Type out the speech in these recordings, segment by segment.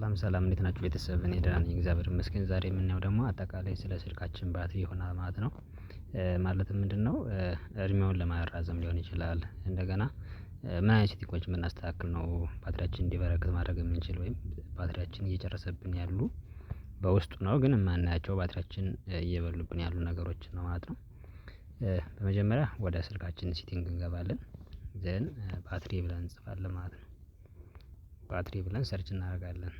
ሰላም ሰላም እንዴት ናችሁ ቤተሰብ እኔ ደህና ነኝ እግዚአብሔር ይመስገን። ዛሬ የምናየው ደግሞ አጠቃላይ ስለ ስልካችን ባትሪ ይሆናል ማለት ነው። ማለትም ምንድነው እድሜውን ለማራዘም ሊሆን ይችላል። እንደገና ምን አይነት ሴቲንጎችን ብናስተካክል ነው ባትሪያችን እንዲበረክት ማድረግ የምንችል ወይም ባትሪያችን እየጨረሰብን ያሉ በውስጡ ነው ግን የማናያቸው ባትሪያችን እየበሉብን ያሉ ነገሮችን ነው ማለት ነው። በመጀመሪያ ወደ ስልካችን ሴቲንግ እንገባለን ዘን ባትሪ ብለን እንጽፋለን ማለት ነው። ባትሪ ብለን ሰርች እናደርጋለን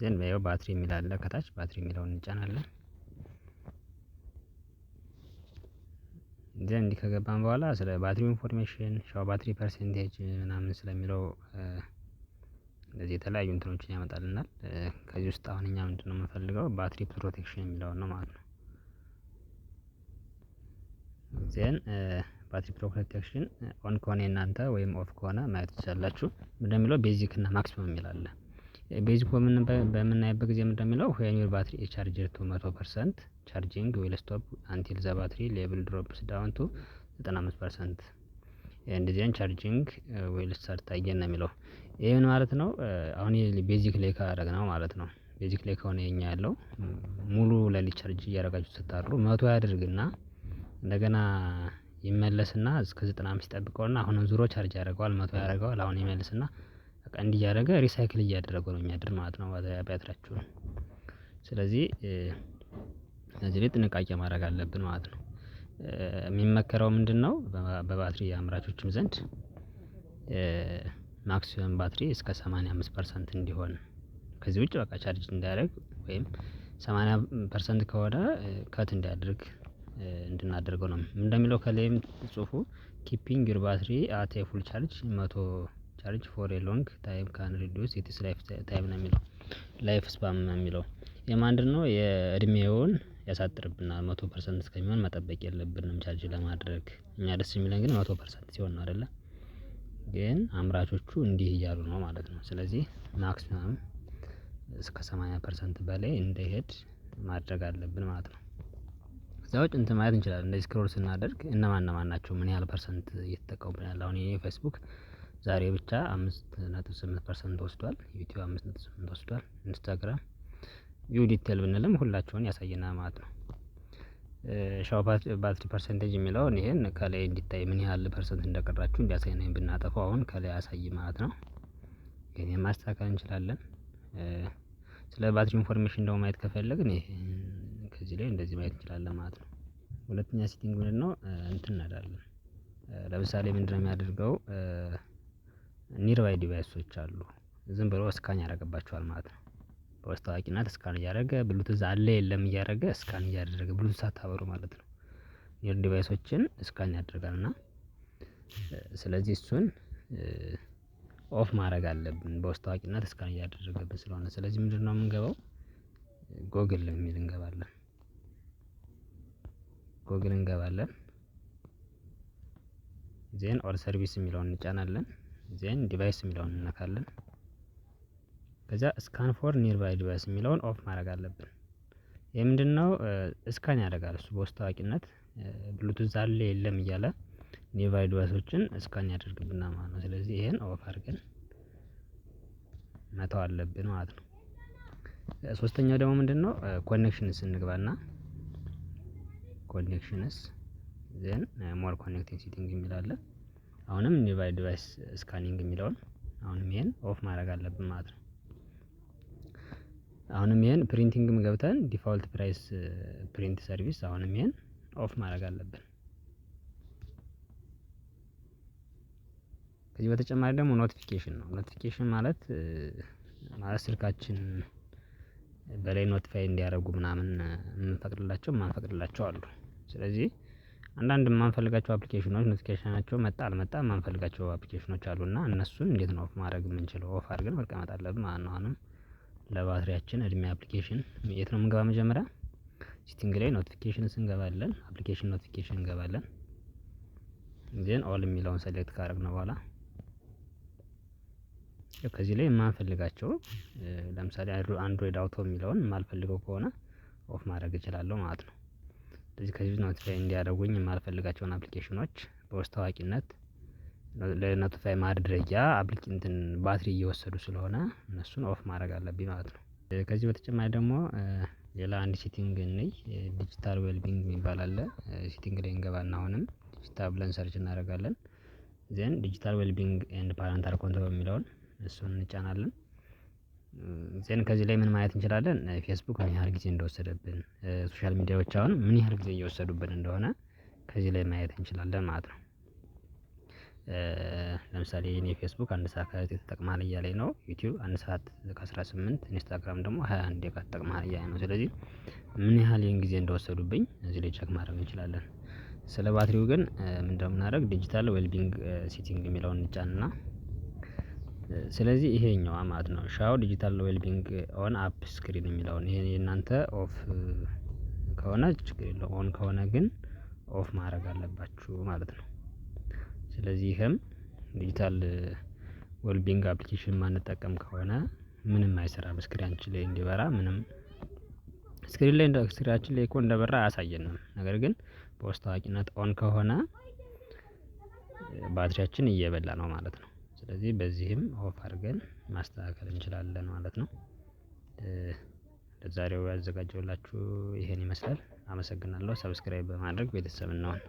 ዘን ያው ባትሪ የሚል አለ ከታች ባትሪ የሚለውን እንጫናለን። ዘን እንዲህ ከገባን በኋላ ስለ ባትሪው ኢንፎርሜሽን ሻው ባትሪ ፐርሰንቴጅ ምናምን ስለሚለው እንደዚህ የተለያዩ እንትኖችን ያመጣልናል። ከዚህ ውስጥ አሁን እኛ ምንድን ነው የምንፈልገው ባትሪ ፕሮቴክሽን የሚለውን ነው ማለት ነው። ዜን ባትሪ ፕሮቴክሽን ኦን ከሆነ እናንተ ወይም ኦፍ ከሆነ ማየት ትችላላችሁ። እንደሚለው ቤዚክ እና ማክሲመም የሚላለን ቤዚክ በምናይበት ጊዜ ምንድነው የሚለው ዌን ባትሪ ኢዝ ቱ መቶ ፐርሰንት ቻርጂንግ ዊል ስቶፕ አንቲል ዘ ባትሪ ሌቭል ድሮፕስ ዳውን ቱ ዘጠና አምስት ፐርሰንት እንደዚህ አይነት ቻርጂንግ ዊል ስታርት ታየን ነው የሚለው። ይሄ ምን ማለት ነው? አሁን ቤዚክ ላይ ነው ማለት ነው። ቤዚክ ላይ ከሆነ የኛ ያለው ሙሉ ለሊት ቻርጅ እያደረጋችሁ ስታድሩ መቶ ያድርግና እንደገና ይመለስና እስከ ዘጠና አምስት ይጠብቀውና አሁንም ዙሮ ቻርጅ ያደርገዋል መቶ ያደርገዋል አሁን ይመልስና በቃ እንዲህ እያደረገ ሪሳይክል እያደረገ ነው የሚያድር ማለት ነው ባትሪያችሁን። ስለዚህ እዚህ ላይ ጥንቃቄ ማድረግ አለብን ማለት ነው። የሚመከረው ምንድነው? በባትሪ አምራቾችም ዘንድ ማክሲመም ባትሪ እስከ 85 ፐርሰንት እንዲሆን ከዚህ ውጭ በቃ ቻርጅ እንዳያደርግ ወይም 80 ፐርሰንት ከሆነ ከት እንዳያደርግ እንድናደርገው ነው። እንደሚለው ከላይም ጽሁፉ ኪፒንግ ዩር ባትሪ አት ኤ ፉል ቻርጅ መቶ ቻርጅ ፎር ኤ ሎንግ ታይም ካን ሪዱስ ኢትስ ላይፍ ታይም ነው የሚለው ላይፍ ስፓም ነው የሚለው የማንድ ነው የእድሜውን ያሳጥርብናል መቶ ፐርሰንት እስከሚሆን መጠበቅ የለብንም ቻርጅ ለማድረግ እኛ ደስ የሚለን ግን መቶ ፐርሰንት ሲሆን ነው አይደለ? ግን አምራቾቹ እንዲህ እያሉ ነው ማለት ነው። ስለዚህ ማክሲማም እስከ ሰማንያ ፐርሰንት በላይ እንዳይሄድ ማድረግ አለብን ማለት ነው። ከዛ ውጭ እንትን ማለት እንችላለን እንደዚህ ስክሮል ስናደርግ እነማን እነማን ናቸው ምን ያህል ፐርሰንት እየተጠቀሙብን ያለ አሁን ይሄ ፌስቡክ ዛሬ ብቻ አምስት ነጥብ ስምንት ፐርሰንት ወስዷል። ዩቲዩብ አምስት ነጥብ ስምንት ወስዷል። ኢንስታግራም ቪው ዲቴል ብንልም ሁላቸውን ያሳየናል ማለት ነው። ሻው ባትሪ ፐርሰንቴጅ የሚለውን ይሄን ከላይ እንዲታይ ምን ያህል ፐርሰንት እንደቀራችሁ እንዲያሳይ ነው ብናጠፋው አሁን ከላይ ያሳይ ማለት ነው። ይህን ማስተካከል እንችላለን። ስለ ባትሪ ኢንፎርሜሽን ደግሞ ማየት ከፈለግን ይሄ ከዚህ ላይ እንደዚህ ማየት እንችላለን ማለት ነው። ሁለተኛ ሴቲንግ ምንድን ነው እንትን እናዳለን። ለምሳሌ ምንድን ነው የሚያደርገው ኒርባይ ዲቫይሶች አሉ ዝም ብሎ ስካን ያደረገባቸዋል ማለት ነው። በውስጥ አዋቂነት ስካን እያደረገ ብሉቱዝ አለ የለም እያደረገ ስካን እያደረገ ብሉቱዝ አታበሩ ማለት ነው። ኒር ዲቫይሶችን ስካን ያደርጋል እና ስለዚህ እሱን ኦፍ ማድረግ አለብን። በውስጥ አዋቂነት ስካን እያደረገብን ስለሆነ ስለዚህ ምንድነው የምንገባው? ጎግል የሚል እንገባለን። ጎግል እንገባለን ዜን ኦል ሰርቪስ የሚለውን እንጫናለን ዜን ዲቫይስ የሚለውን እንነካለን። ከዛ ስካን ፎር ኒርባይ ዲቫይስ የሚለውን ኦፍ ማድረግ አለብን። ይህ ምንድን ነው? ስካን ያደርጋል እሱ በውስጥ ታዋቂነት ብሉቱዝ አለ የለም እያለ ኒርባይ ዲቫይሶችን ስካን ያደርግብና ማለት ነው። ስለዚህ ይህን ኦፍ አድርገን መተው አለብን ማለት ነው። ሶስተኛው ደግሞ ምንድን ነው? ኮኔክሽንስ እንግባና ኮኔክሽንስ ዜን ሞር ኮኔክቲንግ ሴቲንግ የሚላለን አሁንም ኒርባይ ዲቫይስ ስካኒንግ የሚለውን አሁንም ይሄን ኦፍ ማድረግ አለብን ማለት ነው። አሁንም ይሄን ፕሪንቲንግም ገብተን ዲፋልት ፕራይስ ፕሪንት ሰርቪስ አሁንም ይሄን ኦፍ ማድረግ አለብን። ከዚህ በተጨማሪ ደግሞ ኖቲፊኬሽን ነው። ኖቲፊኬሽን ማለት uh, ማለት ስልካችን በላይ ኖቲፋይ እንዲያደርጉ ምናምን uh, የምንፈቅድላቸው የማንፈቅድላቸው አሉ። ስለዚህ አንዳንድ የማንፈልጋቸው አፕሊኬሽኖች ኖቲፊኬሽናቸው መጣ አልመጣ የማንፈልጋቸው አፕሊኬሽኖች አሉ እነሱን እንዴት ነው ኦፍ ማድረግ የምንችለው? ኦፍ አድርገን መቀመጥ አለብን ማለት ነው። አሁንም ለባትሪያችን እድሜ አፕሊኬሽን የት ነው ምንገባ? መጀመሪያ ሲቲንግ ላይ ኖቲፊኬሽንስ እንገባለን። አፕሊኬሽን ኖቲፊኬሽን እንገባለን። ዜን ኦል የሚለውን ሴሌክት ነው በኋላ ከዚህ ላይ የማንፈልጋቸው ለምሳሌ አንድሮይድ አውቶ የሚለውን የማልፈልገው ከሆነ ኦፍ ማድረግ እችላለሁ ማለት ነው። ስለዚህ ከዚህ ኖቲፋይ እንዲያደርጉኝ የማልፈልጋቸውን አፕሊኬሽኖች በውስጥ ታዋቂነት ለኖቲፋይ ማድረጊያ አፕሊኬንትን ባትሪ እየወሰዱ ስለሆነ እነሱን ኦፍ ማድረግ አለብኝ ማለት ነው። ከዚህ በተጨማሪ ደግሞ ሌላ አንድ ሴቲንግ እንይ ዲጂታል ዌልቢንግ የሚባል አለ። ሴቲንግ ላይ እንገባና አሁንም ዲጂታል ብለን ሰርች እናደርጋለን። ዜን ዲጂታል ዌልቢንግ ኤንድ ፓረንታል ኮንትሮል የሚለውን እሱን እንጫናለን ዜን ከዚህ ላይ ምን ማየት እንችላለን? ፌስቡክ ምን ያህል ጊዜ እንደወሰደብን ሶሻል ሚዲያዎች አሁን ምን ያህል ጊዜ እየወሰዱብን እንደሆነ ከዚህ ላይ ማየት እንችላለን ማለት ነው። ለምሳሌ የኔ ፌስቡክ አንድ ሰዓት ከሃያ ዘጠኝ ተጠቅማል እያለኝ ነው። ዩቲዩብ አንድ ሰዓት ከአስራ ስምንት ኢንስታግራም ደግሞ ሀያ አንድ ደቂቃ ተጠቅማል እያለኝ ነው። ስለዚህ ምን ያህል ይህን ጊዜ እንደወሰዱብኝ እዚህ ላይ ቸክ ማድረግ እንችላለን። ስለ ባትሪው ግን ምን እንደምናደርግ ዲጂታል ዌልቢንግ ሴቲንግ የሚለውን እንጫንና ስለዚህ ይሄኛው ማለት ነው ሻው ዲጂታል ዌልቢንግ ኦን አፕ ስክሪን የሚለውን ይሄ የእናንተ ኦፍ ከሆነ ችግር የለው ኦን ከሆነ ግን ኦፍ ማድረግ አለባችሁ ማለት ነው። ስለዚህ ይህም ዲጂታል ዌልቢንግ አፕሊኬሽን ማንጠቀም ከሆነ ምንም አይሰራም። ስክሪናችን ላይ እንዲበራ ምንም ስክሪን ላይ ስክሪናችን ላይ እኮ እንደበራ አያሳየንም። ነገር ግን በውስጥ ኦን ከሆነ ባትሪያችን እየበላ ነው ማለት ነው። ስለዚህ በዚህም ኦፍ አድርገን ማስተካከል እንችላለን ማለት ነው። ለዛሬው ያዘጋጀውላችሁ ይሄን ይመስላል። አመሰግናለሁ። ሰብስክራይብ በማድረግ ቤተሰብ እንሆን።